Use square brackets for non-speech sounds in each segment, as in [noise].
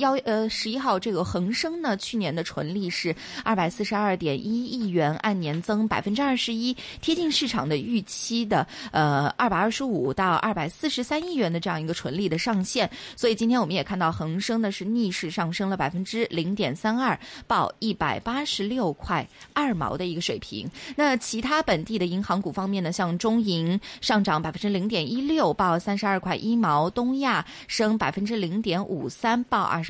幺，呃，十一號這個恒生呢，去年的純利是二百四十二點一億元，按年增百分之二十一，貼近市場的預期的呃二百二十五到二百四十三億元的這樣一個純利的上限。所以今天我們也看到恒生呢是逆勢上升了百分之零點三二，報一百八十六塊二毛的一個水平。那其他本地的銀行股方面呢，像中銀上漲百分之零點一六，報三十二塊一毛，東亞升百分之零點五三，報二十。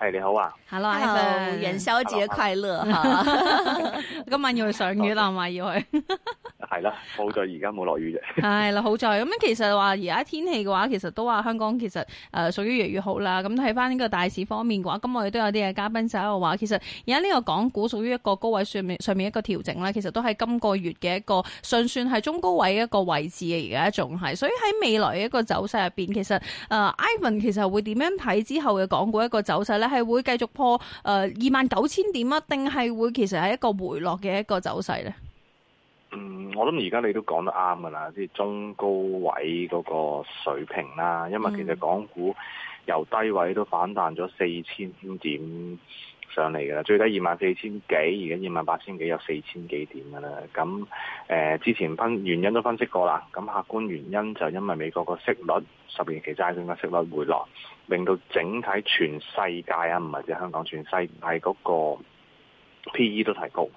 係、hey，你好啊，Hello，Ivan，元 Hello. 宵節快樂！哈 [laughs] [laughs] 今晚要去上雨啦咪？要 [laughs] 去嗎？係 [laughs] 啦， [laughs] 好在而家冇落雨啫。係 [laughs] 啦，好在咁樣，其實話而家天氣嘅話，其實都話香港其實誒屬於越嚟越好啦。咁睇翻呢個大市方面嘅話，咁我哋都有啲嘅嘉賓就喺度話，其實而家呢個港股屬於一個高位上面上面一個調整啦。其實都係今個月嘅一個尚算係中高位一個位置嘅，而家仲係。所以喺未來一個走勢入邊，其實誒、呃、，Ivan 其實會點樣睇之後嘅港股一個走勢咧？係會繼續破誒二萬九千點啊？定係會其實係一個回落嘅一個走勢呢？嗯，我諗而家你都講得啱㗎喇，即係中高位嗰個水平啦。因為其實港股由低位都反彈咗四千點。上嚟㗎啦，最低二萬四千幾，而家二萬八千幾，有四千幾點㗎啦。咁誒、呃、之前分原因都分析過啦。咁客觀原因就因為美國個息率十年期債券嘅息率回落，令到整體全世界啊，唔係淨係香港全世界嗰個 P E 都提高，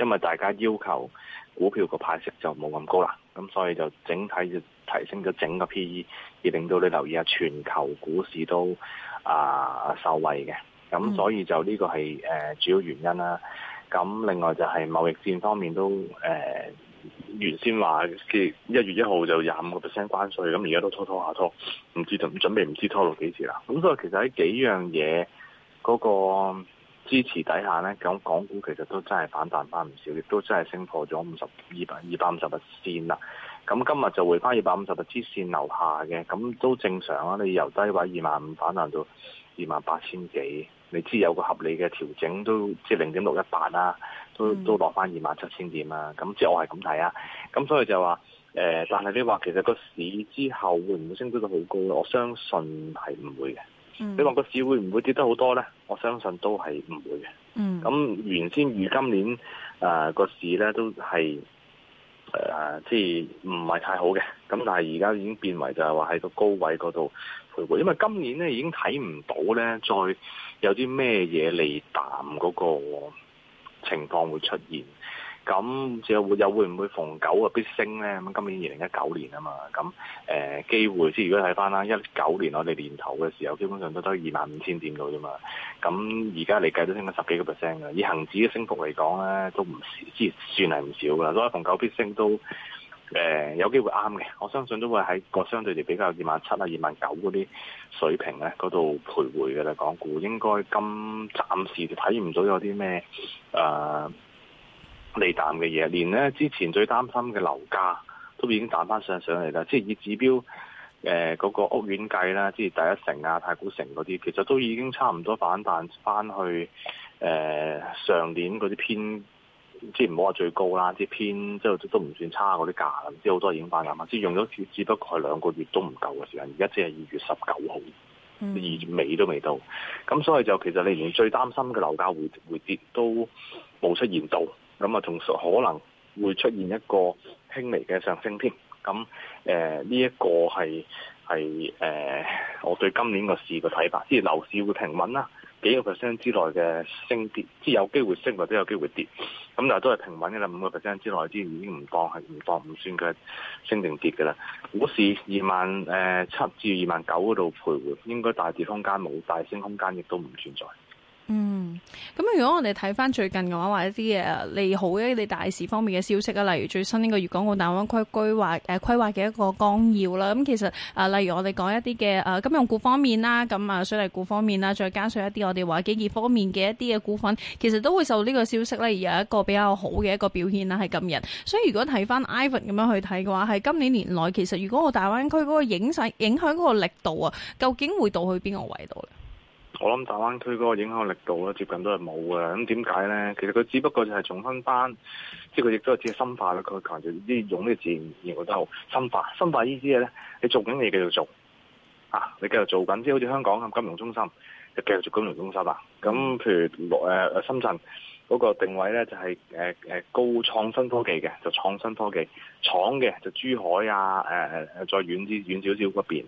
因為大家要求股票個派息就冇咁高啦。咁所以就整體就提升咗整個 P E，而令到你留意下全球股市都啊、呃、受惠嘅。咁所以就呢個係誒主要原因啦。咁另外就係貿易戰方面都誒、呃、原先話一月一號就廿五個 percent 關稅，咁而家都拖拖下拖，唔知準準備唔知拖到幾時啦。咁所以其實喺幾樣嘢嗰、那個支持底下咧，咁港股其實都真係反彈翻唔少，亦都真係升破咗五十二百二百五十日線啦。咁今日就回翻二百五十日之線樓下嘅，咁都正常啦。你由低位二萬五反彈到二萬八千幾。你知有個合理嘅調整都即係零點六一八啦，都都落翻二萬七千點啦。咁即係我係咁睇啊。咁所以就話誒、呃，但係你話其實個市之後會唔會升到高到好高咧？我相信係唔會嘅、嗯。你話個市會唔會跌得好多咧？我相信都係唔會嘅。咁、嗯、原先預今年啊、呃個市咧都係誒、呃，即係唔係太好嘅。咁但係而家已經變為就係話喺個高位嗰度徘徊，因為今年咧已經睇唔到咧再。有啲咩嘢利淡嗰個情況會出現？咁又會又會唔會逢九啊必升咧？咁今年二零一九年啊嘛，咁誒、呃、機會即係如果睇翻啦，一九年我哋年頭嘅時候，基本上都得二萬五千點到啫嘛。咁而家你計都升咗十幾個 percent 啦。以恒指嘅升幅嚟講咧，都唔即係算係唔少噶。所以逢九必升都。誒、呃、有機會啱嘅，我相信都會喺個相對嚟比較二萬七啊、二萬九嗰啲水平咧嗰度徘徊嘅啦。港股應該今暫時就睇唔到有啲咩誒利淡嘅嘢，連呢之前最擔心嘅樓價都已經彈翻上上嚟啦。即係以指標誒嗰、呃那個屋苑計啦，即係第一城啊、太古城嗰啲，其實都已經差唔多反彈翻去誒、呃、上年嗰啲偏。即係唔好話最高啦，即係偏即係都唔算差嗰啲價啦。即係好多已經反彈，即係用咗只，只不過係兩個月都唔夠嘅時間。現在是2，嗯、而家只係二月十九號，二月尾都未到。咁所以就其實你連最擔心嘅樓價會會跌都冇出現到，咁啊仲可能會出現一個輕微嘅上升添。咁誒呢一個係係誒，我對今年個市嘅睇法，即係樓市會平穩啦。幾個 percent 之內嘅升跌，即係有機會升或者有機會跌，咁但係都係平穩嘅啦。五個 percent 之內，之前已經唔當係唔當唔算嘅升定跌嘅啦。股市二萬誒七至二萬九嗰度徘徊，應該大跌空間冇，大升空間亦都唔存在。嗯，咁如果我哋睇翻最近嘅話，或者啲嘅利好一啲大市方面嘅消息啊，例如最新呢個粵港澳大灣區規劃誒規劃嘅一個綱要啦，咁其實啊、呃，例如我哋講一啲嘅誒金融股方面啦，咁啊水利股方面啦，再加上一啲我哋話基建方面嘅一啲嘅股份，其實都會受呢個消息咧，有一個比較好嘅一個表現啦，係今日。所以如果睇翻 Ivan 咁樣去睇嘅話，係今年年內其實如果我大灣區嗰個影勢影響嗰個力度啊，究竟會到去邊個位度咧？我諗大灣區嗰個影響力度咧，接近都係冇嘅。咁點解咧？其實佢只不過就係重新翻，即係佢亦都係只係深化咯。佢強調啲用呢字而我覺得好，深化、深化呢啲嘢咧，你做緊嘢你繼續做啊，你繼續做緊，即係好似香港咁金融中心，就繼續做金融中心啊。咁譬如誒誒深圳嗰個定位咧，就係誒誒高創新科技嘅，就創新科技廠嘅，就珠海啊誒誒再遠啲遠少少嗰邊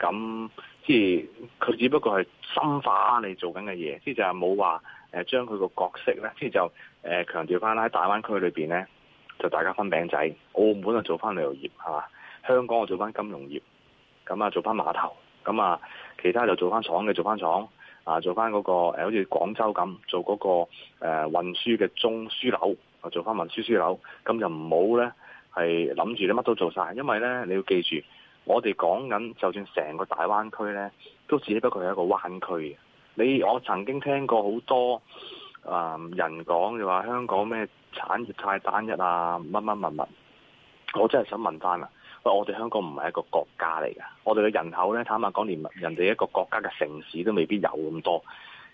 咁。那即係佢只不過係深化你做緊嘅嘢，即係就冇話誒將佢個角色咧，即係就誒強調翻喺大灣區裏邊咧，就大家分餅仔，澳門啊做翻旅遊業係嘛，香港啊做翻金融業，咁啊做翻碼頭，咁啊其他就做翻廠嘅做翻廠，啊做翻嗰個誒好似廣州咁做嗰個誒運輸嘅中樞樓，做翻運輸樞紐，咁就唔好咧係諗住你乜都做晒，因為咧你要記住。我哋講緊，就算成個大灣區呢，都只不過係一個灣區。你我曾經聽過好多啊、呃、人講，就話香港咩產業太單一啊，乜乜乜乜。我真係想問翻啦，喂，我哋香港唔係一個國家嚟㗎？我哋嘅人口呢，坦白講，連人哋一個國家嘅城市都未必有咁多。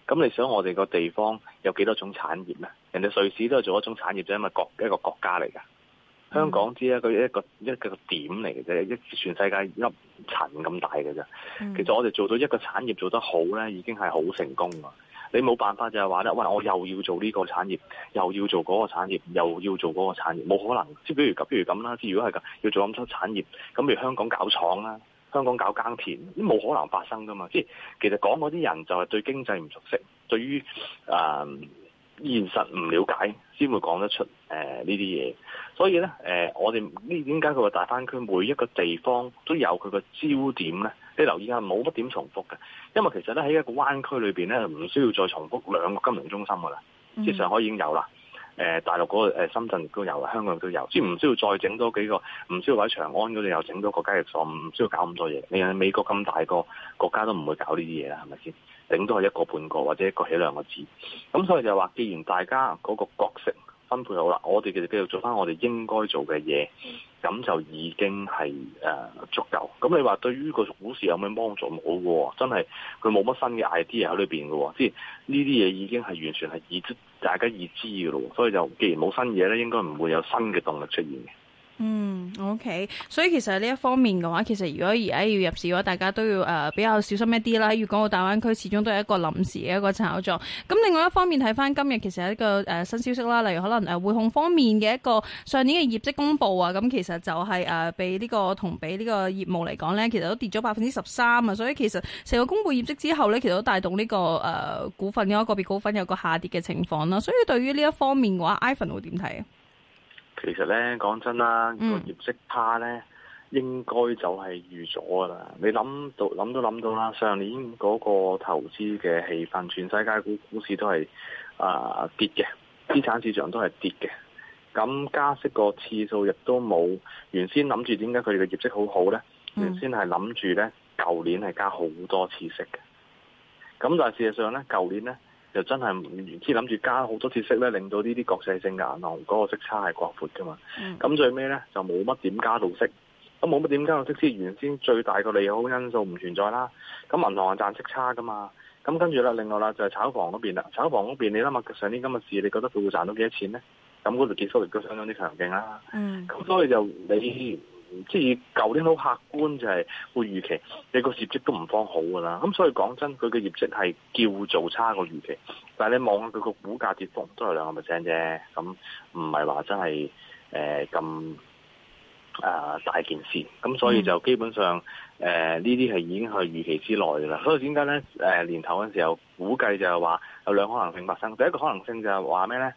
咁你想我哋個地方有幾多種產業呢？人哋瑞士都係做一種產業，就因為國一個國家嚟㗎。嗯、香港只一個一個一個點嚟嘅啫，一全世界一粒塵咁大嘅啫、嗯。其實我哋做到一個產業做得好咧，已經係好成功啊！你冇辦法就係話咧，喂，我又要做呢個產業，又要做嗰個產業，又要做嗰個產業，冇可能。即係比如咁，譬如咁啦，即係如果係咁要做咁多產業，咁譬如香港搞廠啦，香港搞耕田，都冇可能發生噶嘛。即係其實講嗰啲人就係對經濟唔熟悉，對於啊、呃現實唔了解先會講得出誒呢啲嘢，所以咧誒、呃，我哋呢點解佢話大灣區每一個地方都有佢個焦點咧？你留意下，冇乜點重複嘅，因為其實咧喺一個灣區裏面咧，唔需要再重複兩個金融中心㗎啦，即、嗯、係上海已經有啦，誒、呃、大陸嗰個深圳都有，香港都有，即係唔需要再整多幾個，唔需要喺長安嗰度又整多個交易所，唔需要搞咁多嘢。你睇美國咁大個國家都唔會搞呢啲嘢啦，係咪先？頂多係一個半個或者一個起兩個字，咁所以就話，既然大家嗰個角色分配好啦，我哋其實繼續做翻我哋應該做嘅嘢，咁就已經係誒足夠。咁你話對於個股市有咩幫助冇喎？真係佢冇乜新嘅 idea 喺裏邊嘅，即係呢啲嘢已經係完全係已知，大家已知嘅咯。所以就既然冇新嘢咧，應該唔會有新嘅動力出現嘅。嗯，OK，所以其實呢一方面嘅話，其實如果而家要入市嘅話，大家都要誒、呃、比較小心一啲啦。粵港澳大灣區，始終都係一個臨時嘅一個炒作。咁另外一方面睇翻今日，其實係一個誒、呃、新消息啦，例如可能誒匯控方面嘅一個上年嘅業績公布啊，咁其實就係誒畀呢個同比呢個業務嚟講呢，其實都跌咗百分之十三啊。所以其實成個公布業績之後呢，其實都帶動呢、這個誒、呃、股份，一個個別股份有個下跌嘅情況啦。所以對於呢一方面嘅話，Ivan 會點睇？其實咧，講真啦，個業績差咧，應該就係預咗噶啦。你諗到諗都諗到啦，上年嗰個投資嘅氣氛，全世界股股市都係啊、呃、跌嘅，資產市場都係跌嘅。咁加息個次數亦都冇原先諗住，點解佢哋嘅業績好好咧？原先係諗住咧，舊年係加好多次息嘅。咁但係事實上咧，舊年咧。就真係原先諗住加好多設息咧，令到呢啲國際性嘅銀行嗰個息差係擴闊噶嘛。咁、mm. 最尾咧就冇乜點加到息，咁冇乜點加到息，即係原先最大個利好因素唔存在啦。咁銀行係賺息差噶嘛。咁跟住啦，另外啦就係炒房嗰邊啦。炒房嗰邊你諗下上年今日事，你覺得佢會賺到幾多錢咧？咁嗰度結束亦都相當之強勁啦。咁、mm. 所以就你。即係舊年好客觀，就係會預期你個業,業績都唔方好噶啦。咁所以講真，佢嘅業績係叫做差過預期。但係你望佢個股價跌幅都係兩個 percent 啫，咁唔係話真係誒咁啊大件事。咁所以就基本上誒呢啲係已經係預期之內噶啦。所以點解咧？誒、呃、年頭嗰陣時候估計就係話有兩可能性發生。第一個可能性就係話咩咧？誒、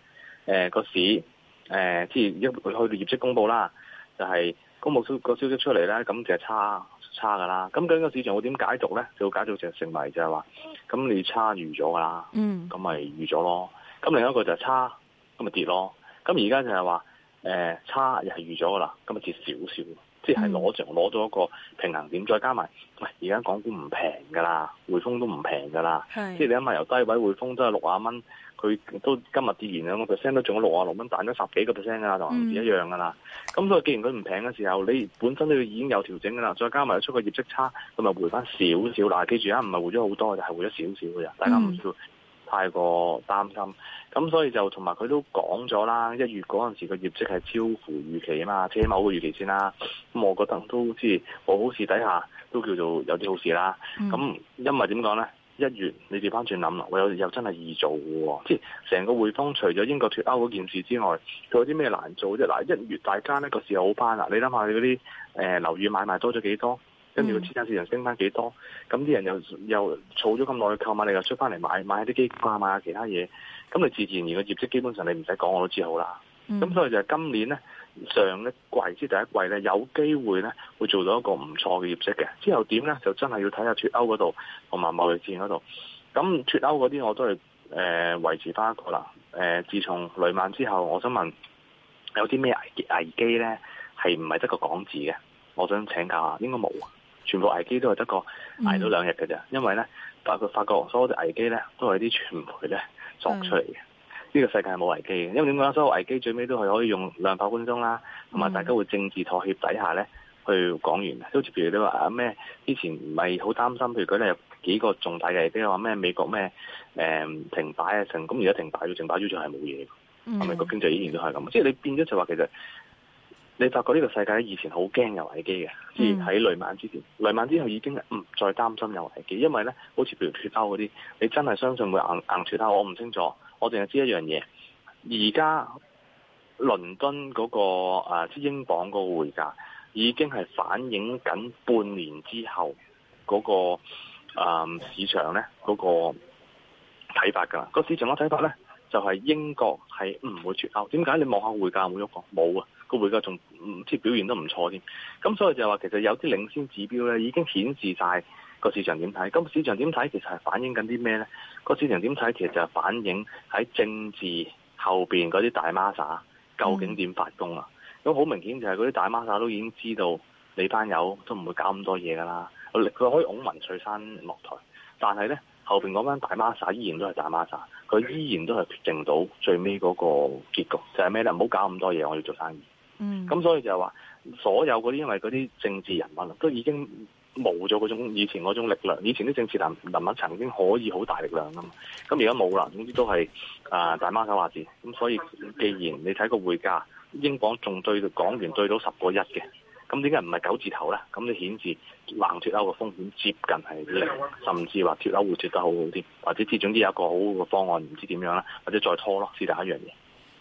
呃、個市誒、呃、即係一去到業績公佈啦。就係、是、公佈個消息出嚟咧，咁就係差差噶啦。咁究竟個市場會點解讀咧？就會解讀成成為就係話，咁你差預咗噶啦，咁咪預咗咯。咁另一個就係差，咁咪跌咯。咁而家就係話，誒、呃、差又係預咗噶啦，咁咪跌少少。即係攞住攞咗一個平衡點，再加埋，喂！而家港股唔平噶啦，匯豐都唔平噶啦。即係你諗下由低位匯豐都係六啊蚊，佢都今日跌然兩個 percent 都仲有六啊六蚊，賺咗十幾個 percent 啊，同唔一樣噶啦。咁、嗯、所以既然佢唔平嘅時候，你本身都要已經有調整噶啦，再加埋出個業績差，佢咪回翻少少嗱。記住啊，唔係回咗好多，就係回咗少少嘅咋，大家唔少。嗯太過擔心，咁所以就同埋佢都講咗啦，一月嗰陣時個業績係超乎預期啊嘛，起碼好過預期先啦。咁我覺得都知我好好事底下，都叫做有啲好事啦。咁、嗯、因為點講呢？一月你調翻轉諗啦，我有又真係易做喎、啊，即係成個匯豐除咗英國脱歐嗰件事之外，仲有啲咩難做啫？嗱，一月大家呢個時候好返啊，你諗下你嗰啲誒樓宇買賣多咗幾多？跟住個資產市場升翻幾多，咁啲人又又儲咗咁耐去購物，你又出翻嚟買買啲基金啊，買下其他嘢，咁你自然然個業績基本上你唔使講我都知好啦。咁 [music] 所以就係今年咧上一季之第一季咧，有機會咧會做到一個唔錯嘅業績嘅。之後點咧就真係要睇下脱歐嗰度同埋貿易戰嗰度。咁脱歐嗰啲我都係、呃、維持翻一個啦、呃。自從雷曼之後，我想問有啲咩危危機咧係唔係得個港字嘅？我想請教下，應該冇啊。全部危機都係得個捱到兩日嘅咋，因為咧，包括發覺所有嘅危機咧，都係啲傳媒咧作出嚟嘅。呢個世界係冇危機嘅，因為點講咧？所有危機最尾都係可以用量化寬鬆啦，同埋大家會政治妥協底下咧去講完。都、嗯、譬如你話啊咩，之前唔係好擔心，譬如講咧有幾個重大嘅危機，話咩美國咩誒停擺啊成，咁而家停擺咗，停擺咗之後係冇嘢，美國經濟依然都係咁。即係你變咗就話其實。你發覺呢個世界以前好驚有危機嘅，即係、嗯、喺雷曼之前，雷曼之後已經唔再擔心有危機，因為呢好似譬如脫歐嗰啲，你真係相信會硬硬脫歐？我唔清楚，我淨係知一樣嘢，而家倫敦嗰、嗰個即、啊、英鎊嗰個匯價已經係反映緊半年之後嗰、嗰個啊嗰個嗰個市場呢嗰個睇法㗎啦。個市場嘅睇法呢，就係、係、英國係唔會脫歐。點解？你望下匯價冇喐過冇啊？個匯價仲唔表現得唔錯添？咁所以就話其實有啲領先指標咧已經顯示曬個市場點睇。咁市場點睇其實係反映緊啲咩咧？個市場點睇其實就反映喺政治後面嗰啲大 m a 究竟點發功啊？咁好明顯就係嗰啲大 m a 都已經知道你班友都唔會搞咁多嘢㗎啦。佢可以拱文翠山落台，但係咧後面嗰班大 m a 依然都係大 m a，佢依然都係決定到最尾嗰個結局就係咩咧？唔好搞咁多嘢，我要做生意。嗯，咁、嗯嗯、所以就話所有嗰啲因為嗰啲政治人物都已經冇咗嗰種以前嗰種力量，以前啲政治人物曾經可以好大力量噶嘛，咁而家冇啦，總之都係啊大媽手話事。咁所以既然你睇個匯價，英鎊仲對港元對到十個一嘅，咁點解唔係九字頭咧？咁你顯示硬脫歐嘅風險接近係零，甚至話脫歐會脫得好好啲或者之總之有一個好嘅方案，唔知點樣啦，或者再拖咯，是但一樣嘢。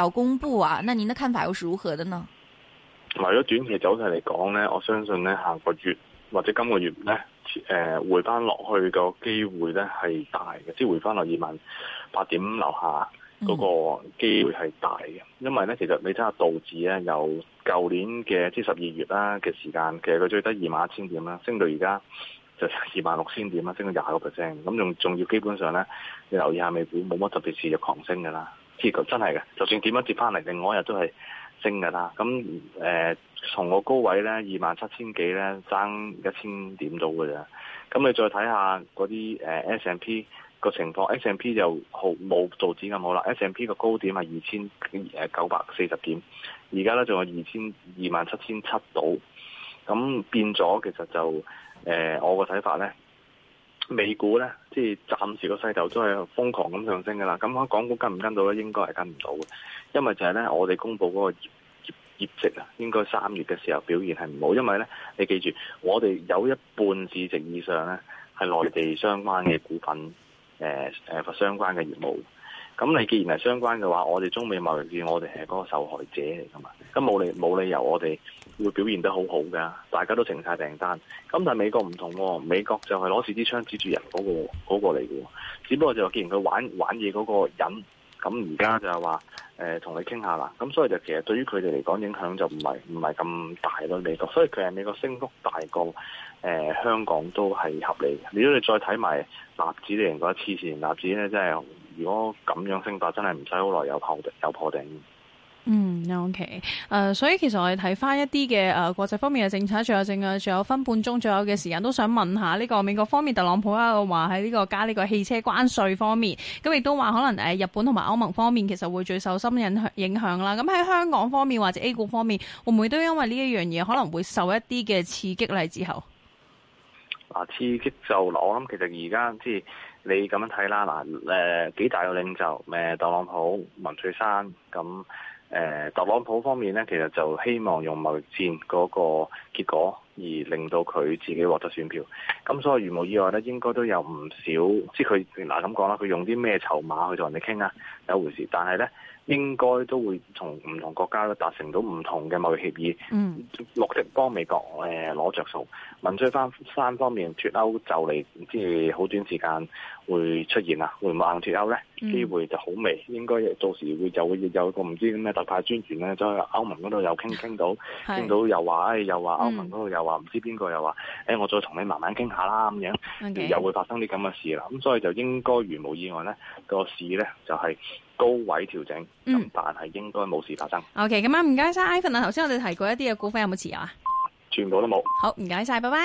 有公布啊？那您的看法又是如何的呢？為咗短期走勢嚟講呢，我相信呢，下個月或者今個月呢，誒回翻落去嘅機會呢係大嘅，即係回翻落二萬八點樓下嗰個機會係大嘅，嗯。因為呢，其實你睇下道指呢，由舊年嘅即十二月啦嘅時間，其實佢最低二萬一千點啦，升到而家就二萬六千點啦，升到廿個 percent。咁仲仲要基本上呢，你留意下美股冇乜特別事嘅狂升㗎喇。真係嘅，就算點樣跌翻嚟，另外一日都係升嘅啦。咁誒，從、呃、個高位咧二萬七千幾咧，爭一千點到嘅啫。咁你再睇下嗰啲誒 S&P 個情況，S&P 就毫冇做止咁好啦。S&P 個高點係二千誒九百四十點，而家咧仲有二千二萬七千七到。咁變咗，其實就誒、呃、我個睇法咧。美股咧，即係暫時個勢頭都係瘋狂咁上升嘅啦。咁我港股跟唔跟到咧？應該係跟唔到嘅，因為就係咧，我哋公布嗰個業業績啊，應該三月嘅時候表現係唔好。因為咧，你記住，我哋有一半市值以上咧係內地相關嘅股份，誒、呃、誒、呃、相關嘅業務。咁你既然係相關嘅話，我哋中美貿易戰，我哋係嗰個受害者嚟㗎嘛。咁冇理冇理由我哋，會表現得好好嘅，大家都成曬訂單。咁但美國唔同，哦，美國就係攞住支槍指住人嗰，嗰個嗰嚟嘅。只不過就既然佢玩玩嘢嗰個人，咁而家就係話呃同你傾下啦。咁所以就其實對於佢哋嚟講影響就唔係唔係咁大咯。美國，所以其實美國升幅大過，呃、香港都係合理嘅。如果你再睇埋納指，你覺得黐線，納指咧真係如果咁樣升法，真係唔使好耐有破有破頂。嗯，OK，誒、uh,，所以其實我哋睇翻一啲嘅誒國際方面嘅政策，仲有剩係仲有分半鐘左右嘅時間，都想問一下呢個美國方面特朗普啊話喺呢個加呢個汽車關稅方面，咁亦都話可能誒日本同埋歐盟方面其實會最受心影響影響啦。咁喺香港方面或者 A 股方面，會唔會都因為呢一樣嘢可能會受一啲嘅刺激咧？之後嗱，刺激就嗱，我諗其實而家即係你咁樣睇啦，嗱、呃，誒幾大嘅領袖，誒特朗普、文翠珊咁。那誒、呃，特朗普方面咧，其實就希望用貿易戰嗰個結果，而令到佢自己獲得選票。咁所以如無意外咧，應該都有唔少，即係佢嗱咁講啦，佢用啲咩籌碼去同人哋傾啊，有一回事。但係咧。應該都會同唔同國家達成到唔同嘅貿易協議，落、嗯、的幫美國攞着、呃、數，問出翻三方面脱歐就嚟，唔知係好短時間會出現啊，會硬脱歐咧、嗯，機會就好微。應該到時會有有個唔知咩特派專員咧，在歐盟嗰度又傾傾到，傾到又話誒、哎，又話歐盟嗰度又話唔、嗯、知邊個又話，誒、哎、我再同你慢慢傾下啦咁樣，okay. 又會發生啲咁嘅事啦。咁所以就應該如無意外咧，個市咧就係、是。高位調整，但係應該冇事發生。嗯、OK，咁啊，唔該晒，Ivan 啊，頭先我哋提過一啲嘅股份有冇持有啊？全部都冇。好，唔該晒，拜拜。